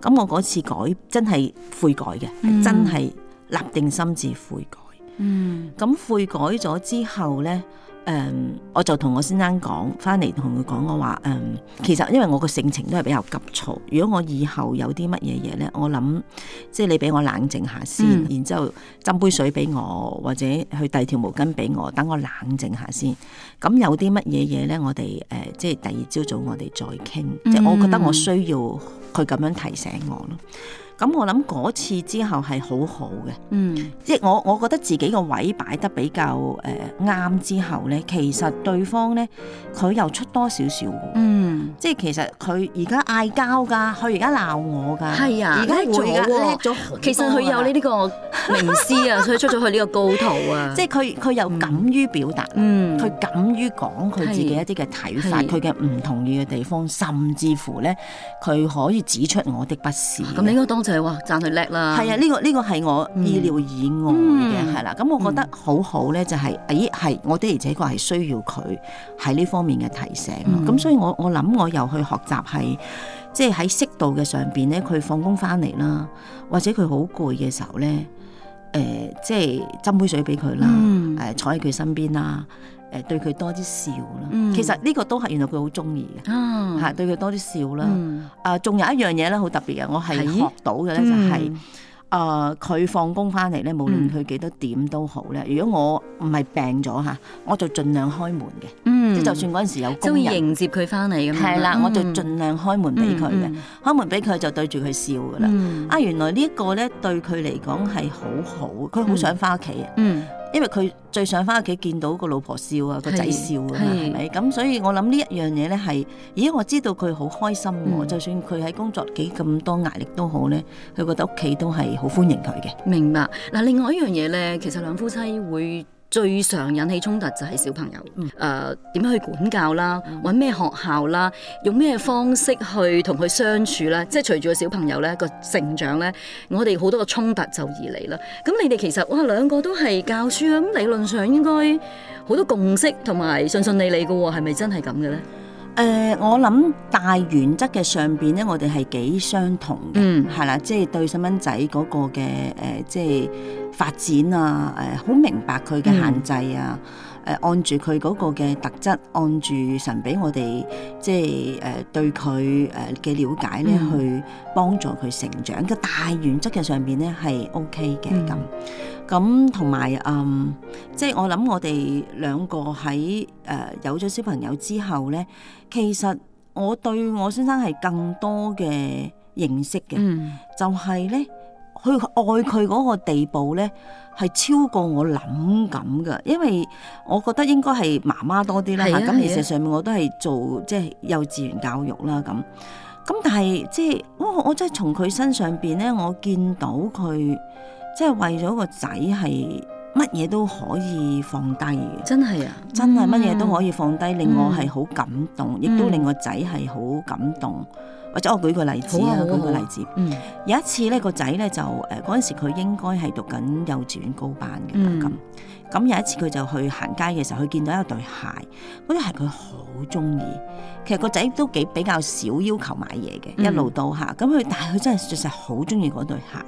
咁我嗰次改真係悔改嘅，真係立定心志悔改。咁、嗯、悔改咗之後咧。誒，um，我就同我先生講，翻嚟同佢講我話，誒、嗯，其實因為我個性情都係比較急躁，如果我以後有啲乜嘢嘢咧，我諗即係你俾我冷靜下先，然之後斟杯水俾我，或者去遞條毛巾俾我，等我冷靜下先。咁有啲乜嘢嘢咧，我哋誒、呃、即係第二朝早我哋再傾。即係我覺得我需要佢咁樣提醒我咯。咁我諗嗰次之後係好好嘅，嗯，即係是我我覺得自己個位擺得比較誒啱之後咧，其實對方咧佢又出多少少，嗯，即係其實佢而家嗌交㗎，佢而家鬧我㗎，係啊，而家會做叻咗，其實佢有呢呢個名師啊，所以出咗去呢個高徒啊， 即係佢佢又敢於表達，佢敢於講佢自己一啲嘅睇法，佢嘅唔同意嘅地方，甚至乎咧佢可以指出我的不是，咁應就係話，讚佢叻啦！係啊，呢、這個呢、這個係我意料以外嘅，係啦、嗯。咁我覺得好好咧，就係、是，咦、哎，係我的而且確係需要佢喺呢方面嘅提醒。咁、嗯、所以我我諗我又去學習係，即係喺適度嘅上邊咧，佢放工翻嚟啦，或者佢好攰嘅時候咧，誒、呃，即係斟杯水俾佢啦，誒，坐喺佢身邊啦。嗯呃對佢多啲笑啦，其實呢個都係原來佢好中意嘅，係對佢多啲笑啦。啊，仲、嗯呃、有一樣嘢咧，好特別嘅，我係學到嘅咧、就係，就係啊，佢放工翻嚟咧，無論佢幾多點都好咧。如果我唔係病咗吓，我就盡量開門嘅，即、嗯、就算嗰陣時有工人迎接佢翻嚟咁樣，係啦，我就盡量開門俾佢嘅，嗯、開門俾佢就對住佢笑噶啦。嗯、啊，原來呢個咧對佢嚟講係好好，佢好、嗯、想翻屋企啊。嗯嗯因為佢最想翻屋企見到個老婆笑啊，個仔笑啊嘛，係咪？咁所以我諗呢一樣嘢咧，係，咦，我知道佢好開心喎，啊，嗯，就算佢喺工作幾咁多壓力都好咧，佢覺得屋企都係好歡迎佢嘅。明白。嗱，另外一樣嘢咧，其實兩夫妻會。最常引起衝突就係小朋友，誒點樣去管教啦，搵咩學校啦，用咩方式去同佢相處咧？嗯、即係隨住個小朋友咧個成長咧，我哋好多個衝突就而嚟啦。咁你哋其實哇兩個都係教書嘅，咁理論上應該好多共識同埋順順利利嘅喎、哦，係咪真係咁嘅咧？誒、呃，我諗大原則嘅上邊咧，我哋係幾相同嘅，係啦、嗯，即係對細蚊仔嗰個嘅誒、呃，即係發展啊，誒，好明白佢嘅限制啊，誒、嗯，按住佢嗰個嘅特質，按住神俾我哋，即係誒、呃、對佢誒嘅了解咧，去幫助佢成長。個、嗯、大原則嘅上邊咧係 OK 嘅咁。嗯嗯咁同埋，嗯，即係我諗，我哋兩個喺，誒有咗小朋友之後咧，其實我對我先生係更多嘅認識嘅，嗯、就係咧去愛佢嗰個地步咧，係超過我諗咁噶。因為我覺得應該係媽媽多啲啦，咁其實上面我都係做，即係幼稚園教育啦咁。咁但係即係，哇！我真係從佢身上邊咧，我見到佢。即係為咗個仔係乜嘢都可以放低嘅，真係啊！真係乜嘢都可以放低，嗯、令我係好感動，嗯、亦都令我仔係好感動。或者我舉個例子，啊啊、舉個例子，啊啊啊、有一次咧，個仔咧就誒嗰陣時佢應該係讀緊幼稚園高班嘅。咁咁有一次佢就去行街嘅時候，佢見到一對鞋，嗰對鞋佢好中意。其實個仔都幾比較少要求買嘢嘅，一路到下咁佢，但係佢真係確實好中意嗰對鞋。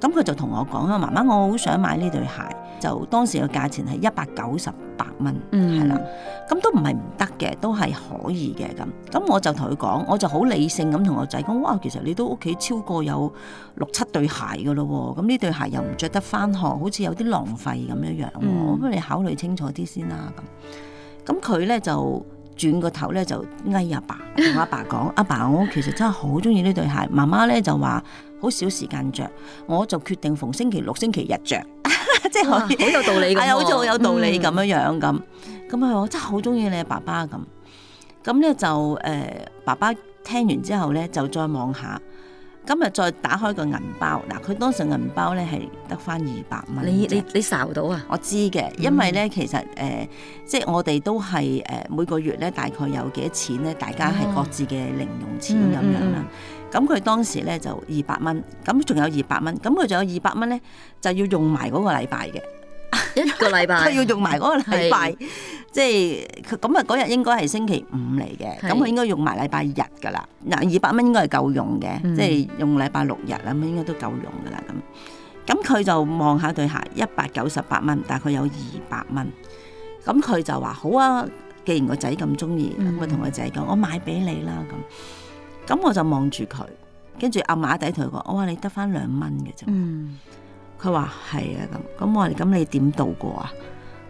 咁佢就同我講：媽媽，我好想買呢對鞋，就當時嘅價錢係一百九十八蚊，係啦、嗯，咁都唔係唔得嘅，都係可以嘅咁。咁我就同佢講，我就好理性咁同我仔講：哇，其實你都屋企超過有六七對鞋噶咯喎，咁呢對鞋又唔着得返學，好似有啲浪費咁樣樣、哦、喎，咁、嗯、你考慮清楚啲先啦、啊。咁，咁佢咧就轉個頭咧就嗌阿爸，爸，我同阿爸講：阿 爸，爸，我其實真係好中意呢對鞋，媽媽咧就話。好少時間着，我就決定逢星期六、星期日着。 即係好以、啊、有道理㗎、啊，好似好有道理咁樣、嗯、樣咁，咁啊，我真係好中意你爸爸咁。咁咧就誒、呃，爸爸聽完之後咧就再望下，今日再打開個銀包嗱，佢當時銀包咧係得翻二百蚊，你你你受到啊！我知嘅，因為咧其實誒、呃，即係我哋都係誒、呃呃、每個月咧大概有幾多錢咧，大家係各自嘅零用錢咁樣啦。嗯嗯咁佢當時咧就二百蚊，咁仲有二百蚊，咁佢仲有二百蚊咧，就要用埋嗰個禮拜嘅一個， 個禮拜，佢要用埋嗰個禮拜，即係咁啊，佢嗰日應該係星期五嚟嘅，咁佢是應該用埋禮拜日噶啦，嗱二百蚊應該係夠用嘅，即係、嗯、用禮拜六日咁應該都夠用噶啦咁。咁佢就望下對鞋一百九十八蚊，大概有二百蚊，咁佢就話好啊，既然個仔咁中意，咁、嗯、我同個仔講，我買俾你啦咁。咁我就望住佢，跟住阿馬仔同佢講：我話、哦、你得翻兩蚊嘅啫。嗯，佢話係啊咁。咁我話你咁你點度過啊？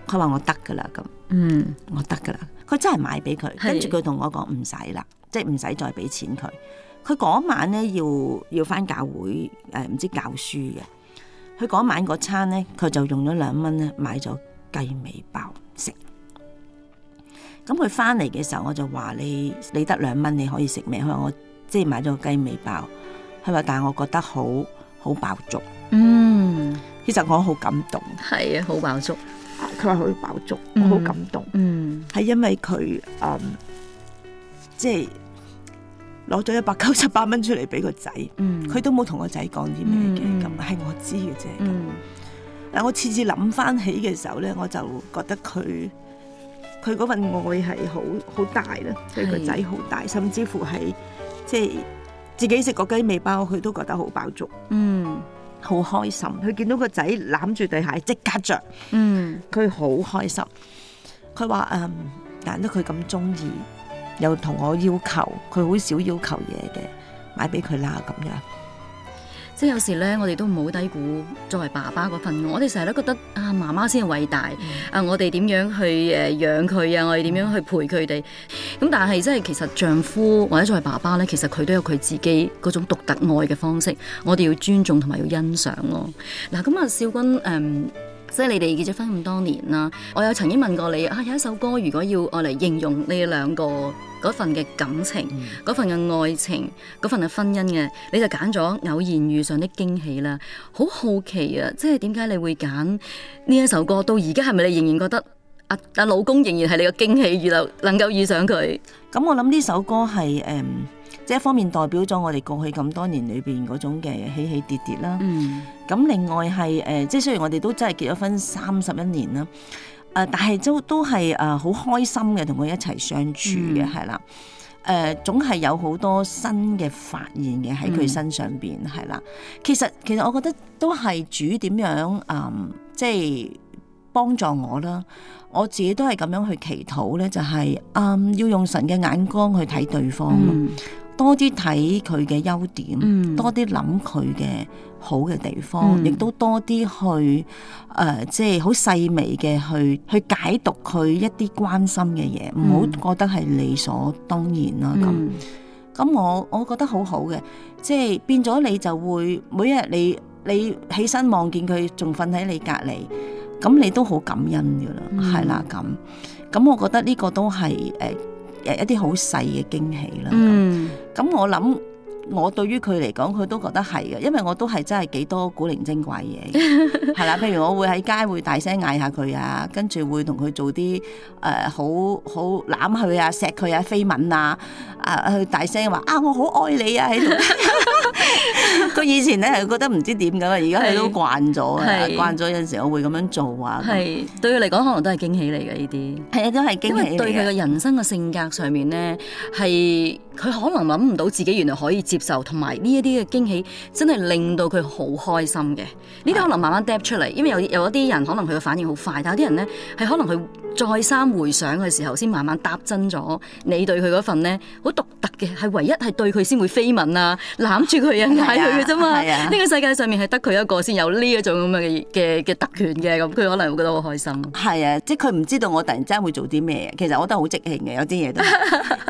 佢話我得噶啦咁。嗯，我得噶啦。佢真係買俾佢，跟住佢同我講唔使啦，即係唔使再俾錢佢。佢嗰晚咧要要翻教會誒，唔、呃、知教書嘅。佢嗰晚嗰餐咧，佢就用咗兩蚊咧買咗雞尾包食。咁佢翻嚟嘅時候，我就話你你得兩蚊，你可以食咩？佢話我。即係買咗個雞尾包，佢話，但係我覺得好好飽足。嗯，其實我好感動。係啊，好飽足，佢話好飽足，我好感動。嗯，係因為佢誒，即係攞咗一百九十八蚊出嚟俾個仔。佢都冇同個仔講啲咩嘅，咁係我知嘅啫。咁、嗯，但我次次諗翻起嘅時候咧，我就覺得佢佢嗰份愛係好好大啦，即係個仔好大，甚至乎係。即係自己食個雞尾包，佢都覺得好飽足，嗯，好開心。佢見到個仔攬住對鞋，即刻着，嗯，佢好開心。佢話，嗯，難得佢咁中意，又同我要求，佢好少要求嘢嘅，買俾佢啦咁樣。即係有時咧，我哋都唔好低估作為爸爸嗰份。我哋成日都覺得啊，媽媽先係偉大。嗯、啊，我哋點樣去誒養佢啊？我哋點樣去陪佢哋？咁、嗯、但係即係其實丈夫或者作為爸爸咧，其實佢都有佢自己嗰種獨特愛嘅方式。我哋要尊重同埋要欣賞咯、哦。嗱、啊，咁啊，少君誒。嗯即係你哋結咗婚咁多年啦，我有曾經問過你啊，有一首歌如果要我嚟形容你哋兩個嗰份嘅感情、嗰、嗯、份嘅愛情、嗰份嘅婚姻嘅，你就揀咗《偶然遇上的驚喜》啦。好好奇啊，即係點解你會揀呢一首歌？到而家係咪你仍然覺得啊，但、啊、老公仍然係你個驚喜，遇能能夠遇上佢？咁我諗呢首歌係誒。嗯即一方面代表咗我哋過去咁多年裏邊嗰種嘅起起跌跌啦。咁、嗯、另外係誒，即、呃、係雖然我哋都真係結咗婚三十、呃、一年、嗯、啦，誒，但係都都係誒好開心嘅，同佢一齊相處嘅係啦。誒，總係有好多新嘅發現嘅喺佢身上邊係、嗯、啦。其實其實我覺得都係主點樣誒，即、嗯、係、就是、幫助我啦。我自己都係咁樣去祈禱咧，就係、是、誒、嗯、要用神嘅眼光去睇對方。嗯多啲睇佢嘅優點，嗯、多啲諗佢嘅好嘅地方，嗯、亦都多啲去誒，即係好細微嘅去去解讀佢一啲關心嘅嘢，唔好、嗯、覺得係理所當然啦。咁咁、嗯，我我覺得好好嘅，即、就、係、是、變咗你就會每日你你起身望見佢仲瞓喺你隔離，咁你都好感恩噶、嗯、啦，係啦。咁咁，我覺得呢個都係。誒、哎。一啲好細嘅驚喜啦，咁、嗯、我諗。我對於佢嚟講，佢都覺得係嘅，因為我都係真係幾多古靈精怪嘢，係啦。 譬如我會喺街會大聲嗌下佢啊，跟住會同佢做啲誒、呃、好好攬佢啊、錫佢啊、飛吻啊，啊、呃、去大聲話啊，我好愛你啊！喺度。佢 以前咧係覺得唔知點咁啊，而家佢都慣咗啊，慣咗有陣時我會咁樣做啊。係對佢嚟講可能都係驚喜嚟嘅呢啲。係啊，都係驚喜嚟嘅。因為對佢嘅人生嘅性格上面咧，係佢可能諗唔到自己原來可以接。受同埋呢一啲嘅驚喜，真係令到佢好開心嘅。呢啲可能慢慢 d 出嚟，因為有有一啲人可能佢嘅反應好快，但有啲人咧係可能佢再三回想嘅時候，先慢慢搭真咗你對佢嗰份咧，好獨特嘅，係唯一係對佢先會飛吻啊，攬住佢，引睇佢嘅啫嘛。呢個世界上面係得佢一個先有呢一種咁嘅嘅嘅特權嘅，咁佢可能會覺得好開心。係啊，即係佢唔知道我突然之間會做啲咩。其實我覺得好即興嘅，有啲嘢都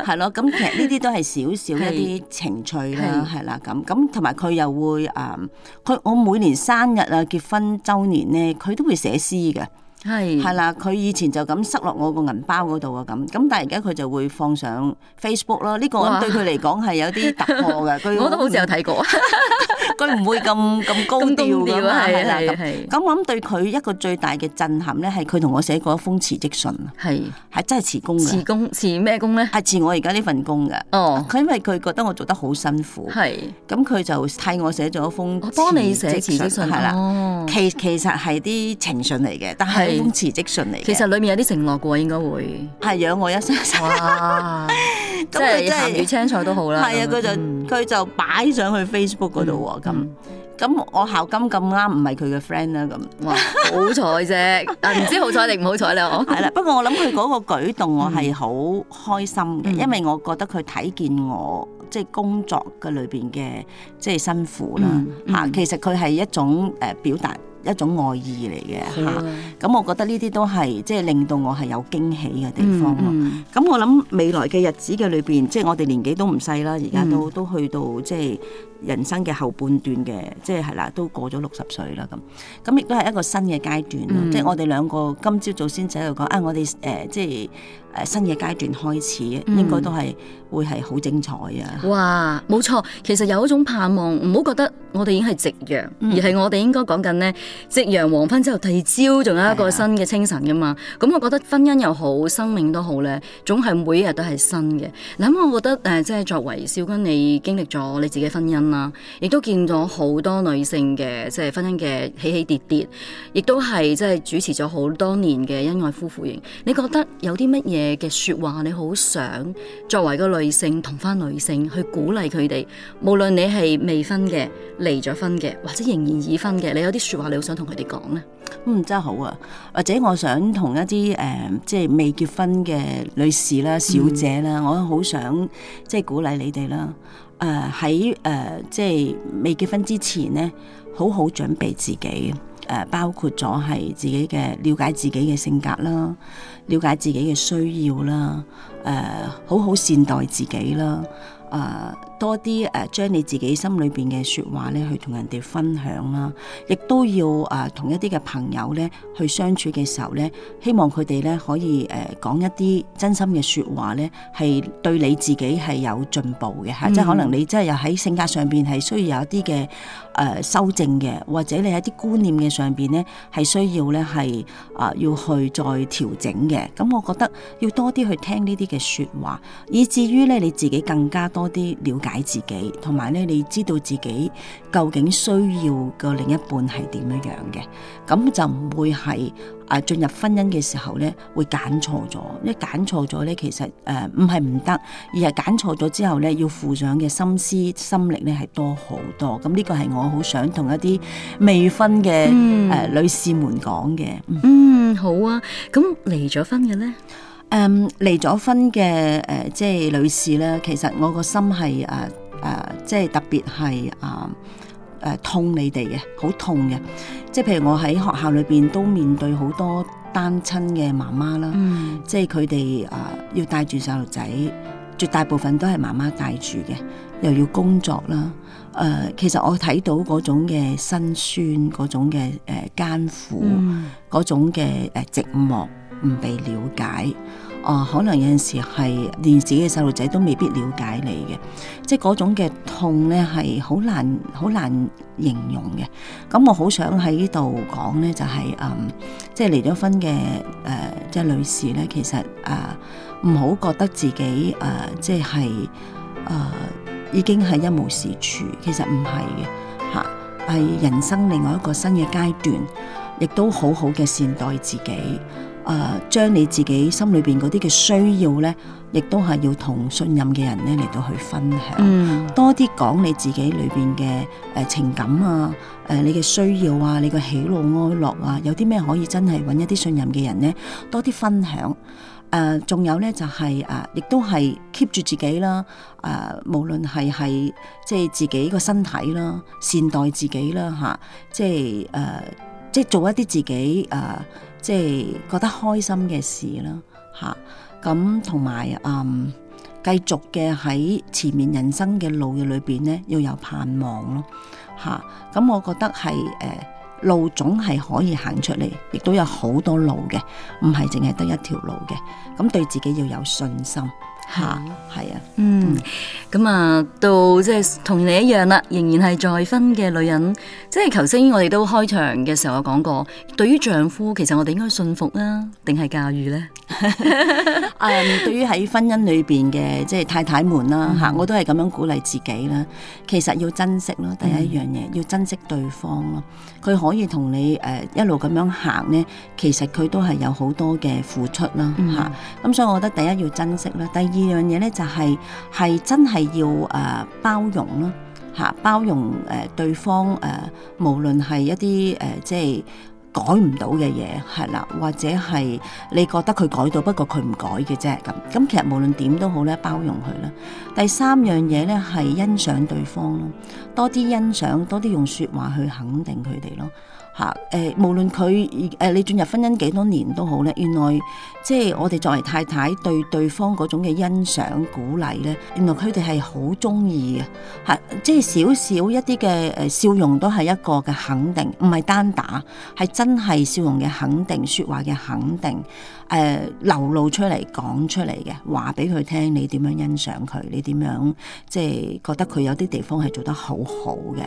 係咯。咁 其實呢啲都係少少一啲情趣。 係啦，係啦，咁咁同埋佢又會啊，佢我每年生日啊、結婚周年咧，佢都會寫詩嘅。係係啦，佢以前就咁塞落我個銀包嗰度啊，咁咁但係而家佢就會放上 Facebook 咯。呢個對佢嚟講係有啲突破嘅。我都好似有睇過，佢唔會咁咁高調噶嘛，係啦，我諗對佢一個最大嘅震撼咧，係佢同我寫過一封辭職信啊。係係真係辭工嘅。辭工辭咩工咧？係辭我而家呢份工嘅。哦，佢因為佢覺得我做得好辛苦。係咁，佢就替我寫咗一封。我幫你寫辭職信係啦。其其實係啲情信嚟嘅，但係。一封辭職信嚟，其實裡面有啲承諾過，應該會係養我一生。哇！即係鹹魚青菜都好啦。係啊，佢就佢就擺上去 Facebook 嗰度喎。咁咁我校金咁啱唔係佢嘅 friend 啦。咁哇，好彩啫！啊，唔知好彩定唔好彩咧，我係啦。不過我諗佢嗰個舉動，我係好開心嘅，因為我覺得佢睇見我即係工作嘅裏邊嘅即係辛苦啦嚇。其實佢係一種誒表達。一種愛意嚟嘅嚇，咁的、啊、我覺得呢啲都係即係令到我係有驚喜嘅地方咯。咁、嗯嗯、我諗未來嘅日子嘅裏邊，即、就、係、是、我哋年紀都唔細啦，而家都、嗯、都去到即係。就是人生嘅後半段嘅，即係係啦，都過咗六十歲啦咁，咁亦都係一個新嘅階段、嗯、即係我哋兩個今朝早先仔喺度講啊，我哋誒、呃、即係誒、呃、新嘅階段開始，應該都係會係好精彩啊！哇，冇錯，其實有一種盼望，唔好覺得我哋已經係夕陽，嗯、而係我哋應該講緊呢夕陽黃昏之後，第二朝仲有一個新嘅清晨噶嘛。咁的我覺得婚姻又好，生命都好咧，總係每日都係新嘅。嗱，我覺得誒，即係作為小君，你經歷咗你自己，自己婚姻。啦，亦都見咗好多女性嘅即係婚姻嘅起起跌跌，亦都係即係主持咗好多年嘅恩愛夫婦營。你覺得有啲乜嘢嘅說話，你好想作為個女性同翻女性去鼓勵佢哋？無論你係未婚嘅、離咗婚嘅，或者仍然已婚嘅，你有啲說話你好想同佢哋講呢？嗯，真係好啊！或者我想同一啲誒、呃，即係未結婚嘅女士啦、小姐啦，嗯、我好想即係鼓勵你哋啦。誒喺誒即係未結婚之前咧，好好準備自己誒、呃，包括咗係自己嘅了解自己嘅性格啦，了解自己嘅需要啦，誒、呃，好好善待自己啦，誒、呃。多啲誒將你自己心裏邊嘅說話咧，去同人哋分享啦，亦都要誒同、呃、一啲嘅朋友咧，去相處嘅時候咧，希望佢哋咧可以誒講、呃、一啲真心嘅說話咧，係對你自己係有進步嘅吓，嗯、即係可能你真係又喺性格上邊係需要有一啲嘅誒修正嘅，或者你喺啲觀念嘅上邊咧係需要咧係啊要去再調整嘅。咁、嗯、我覺得要多啲去聽呢啲嘅說話，以至於咧你自己更加多啲了解。解自己，同埋咧，你知道自己究竟需要嘅另一半係點樣樣嘅，咁就唔會係誒進入婚姻嘅時候咧，會揀錯咗。一揀錯咗咧，其實誒唔係唔得，而係揀錯咗之後咧，要附上嘅心思心力咧係多好多。咁呢個係我好想同一啲未婚嘅誒女士們講嘅。嗯，嗯好啊。咁離咗婚嘅咧？誒，離咗，um，婚嘅誒，呃，即係女士咧，其實我個心係誒誒，即係特別係啊誒，痛你哋嘅，好痛嘅。即係譬如我喺學校裏邊都面對好多單親嘅媽媽啦，嗯，即係佢哋啊要帶住細路仔，絕大部分都係媽媽帶住嘅，又要工作啦。誒，呃，其實我睇到嗰種嘅辛酸，嗰種嘅誒艱苦，嗰，嗯，種嘅誒寂寞。唔被了解，哦、呃，可能有陣時係連自己嘅細路仔都未必了解你嘅，即嗰種嘅痛咧，係好難好難形容嘅。咁我好想喺呢度講咧，就係、是、嗯，即係離咗婚嘅誒、呃，即係女士咧，其實誒，唔、呃、好覺得自己誒、呃，即係誒、呃，已經係一無是處。其實唔係嘅，吓、啊，係人生另外一個新嘅階段，亦都好好嘅善待自己。誒、呃，將你自己心裏邊嗰啲嘅需要咧，亦都係要同信任嘅人咧嚟到去分享，mm hmm. 多啲講你自己裏邊嘅誒情感啊，誒、呃、你嘅需要啊，你嘅喜怒哀樂啊，有啲咩可以真係揾一啲信任嘅人咧，多啲分享。誒、呃，仲有咧就係、是、誒、呃，亦都係 keep 住自己啦。誒、呃，無論係係即係自己個身體啦，善待自己啦吓、啊，即係誒、呃，即係做一啲自己誒，呃即係覺得開心嘅事啦，吓，咁同埋嗯，繼續嘅喺前面人生嘅路嘅裏邊咧，要有盼望咯，吓、啊、咁我覺得係誒、呃、路總係可以行出嚟，亦都有好多路嘅，唔係淨係得一條路嘅，咁對自己要有信心。吓係啊，嗯，咁啊，到即係、就是、同你一樣啦，仍然係再婚嘅女人，即係頭先我哋都開場嘅時候，我講過，對於丈夫，其實我哋應該順服啊，定係駕馭咧？誒， um, 對於喺婚姻裏邊嘅即係太太們啦，吓， 我都係咁樣鼓勵自己啦。Mm hmm. 其實要珍惜咯，第一樣嘢、mm hmm. 要珍惜對方咯，佢可以同你誒一路咁樣行咧，其實佢都係有好多嘅付出啦，吓、mm。咁所以我覺得第一要珍惜啦，第二。第二樣嘢咧就係、是、係真係要誒、呃、包容咯，吓，包容誒對方誒、呃、無論係一啲誒、呃、即係改唔到嘅嘢係啦，或者係你覺得佢改到，不過佢唔改嘅啫，咁咁，其實無論點都好咧，包容佢啦。第三樣嘢咧係欣賞對方咯，多啲欣賞，多啲用說話去肯定佢哋咯。吓，誒，無論佢誒，你進入婚姻幾多年都好咧，原來即係我哋作為太太對對方嗰種嘅欣賞、鼓勵咧，原來佢哋係好中意嘅，係即係少少一啲嘅誒笑容都係一個嘅肯定，唔係單打，係真係笑容嘅肯定，說話嘅肯定。誒、呃、流露出嚟講出嚟嘅話俾佢聽，你點樣欣賞佢？你點樣即係覺得佢有啲地方係做得好好嘅？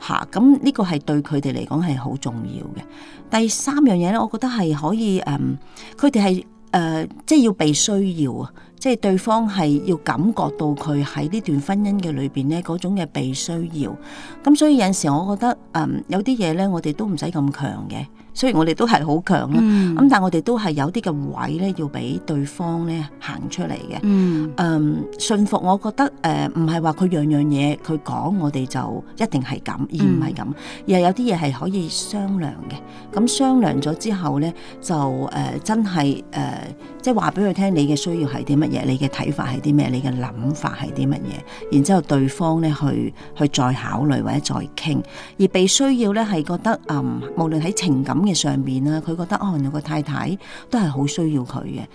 嚇咁呢個係對佢哋嚟講係好重要嘅。第三樣嘢咧，我覺得係可以誒，佢哋係誒即係要被需要啊！即係對方係要感覺到佢喺呢段婚姻嘅裏邊咧嗰種嘅被需要。咁所以有陣時，我覺得誒、呃、有啲嘢咧，我哋都唔使咁強嘅。雖然我哋都係好強啦，咁、嗯、但係我哋都係有啲嘅位咧，要俾對方咧行出嚟嘅。嗯，誒、嗯，信服我覺得誒，唔係話佢樣樣嘢佢講，我哋就一定係咁，而唔係咁，嗯、而係有啲嘢係可以商量嘅。咁商量咗之後咧，就誒、呃、真係誒、呃，即係話俾佢聽，你嘅需要係啲乜嘢，你嘅睇法係啲咩，你嘅諗法係啲乜嘢，然之後對方咧去去再考慮或者再傾，而被需要咧係覺得誒、呃，無論喺情感。嘅上面咧，佢覺得哦，有個太太都係好需要佢嘅。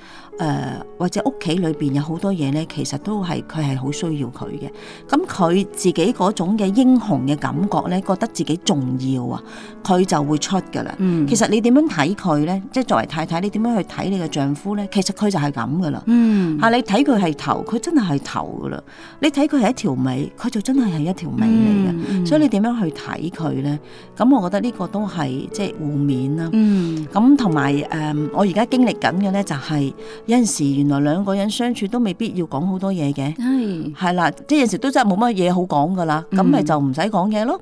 誒、呃、或者屋企裏邊有好多嘢咧，其實都係佢係好需要佢嘅。咁佢自己嗰種嘅英雄嘅感覺咧，覺得自己重要啊，佢就會出㗎喇。嗯、其實你點樣睇佢咧？即係作為太太，你點樣去睇你嘅丈夫咧？其實佢就係咁㗎喇。嚇、嗯啊、你睇佢係頭，佢真係係頭㗎喇。你睇佢係一條尾，佢就真係係一條尾嚟嘅。嗯嗯、所以你點樣去睇佢咧？咁我覺得呢個都係即係互勉啦。咁同埋誒，我而家經歷緊嘅咧就係、係。有陣時，原來兩個人相處都未必要講好多嘢嘅，係係啦，即係有時都真係冇乜嘢好講噶啦，咁咪、嗯、就唔使講嘢咯，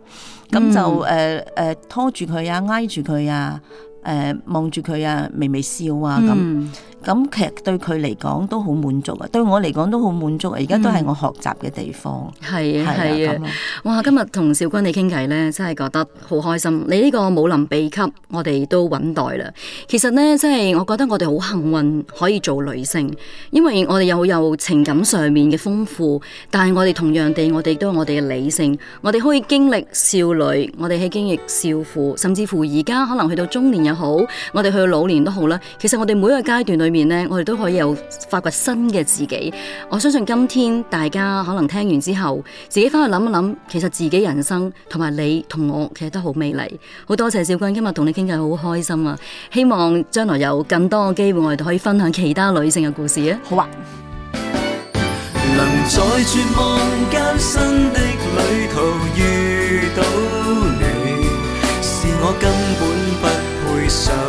咁就誒誒拖住佢啊，挨住佢啊，誒望住佢啊，微微笑啊咁。嗯咁劇對佢嚟講都好滿足啊，對我嚟講都好滿足啊，而家都係我學習嘅地方。係啊係啊，哇！今日同少君你傾偈咧，真係覺得好開心。你呢個武林秘笈，我哋都穩待啦。其實呢，即係我覺得我哋好幸運，可以做女性，因為我哋又有情感上面嘅豐富，但係我哋同樣地，我哋都有我哋嘅理性，我哋可以經歷少女，我哋去經歷少婦，甚至乎而家可能去到中年又好，我哋去到老年都好啦。其實我哋每一個階段面咧，我哋都可以有發掘新嘅自己。我相信今天大家可能聽完之後，自己翻去諗一諗，其實自己人生同埋你同我，其實都好美麗。好多謝小君今日同你傾偈，好開心啊！希望將來有更多嘅機會，我哋都可以分享其他女性嘅故事啊！好啊。能在絕望間新的旅途遇到你，是我根本不配想。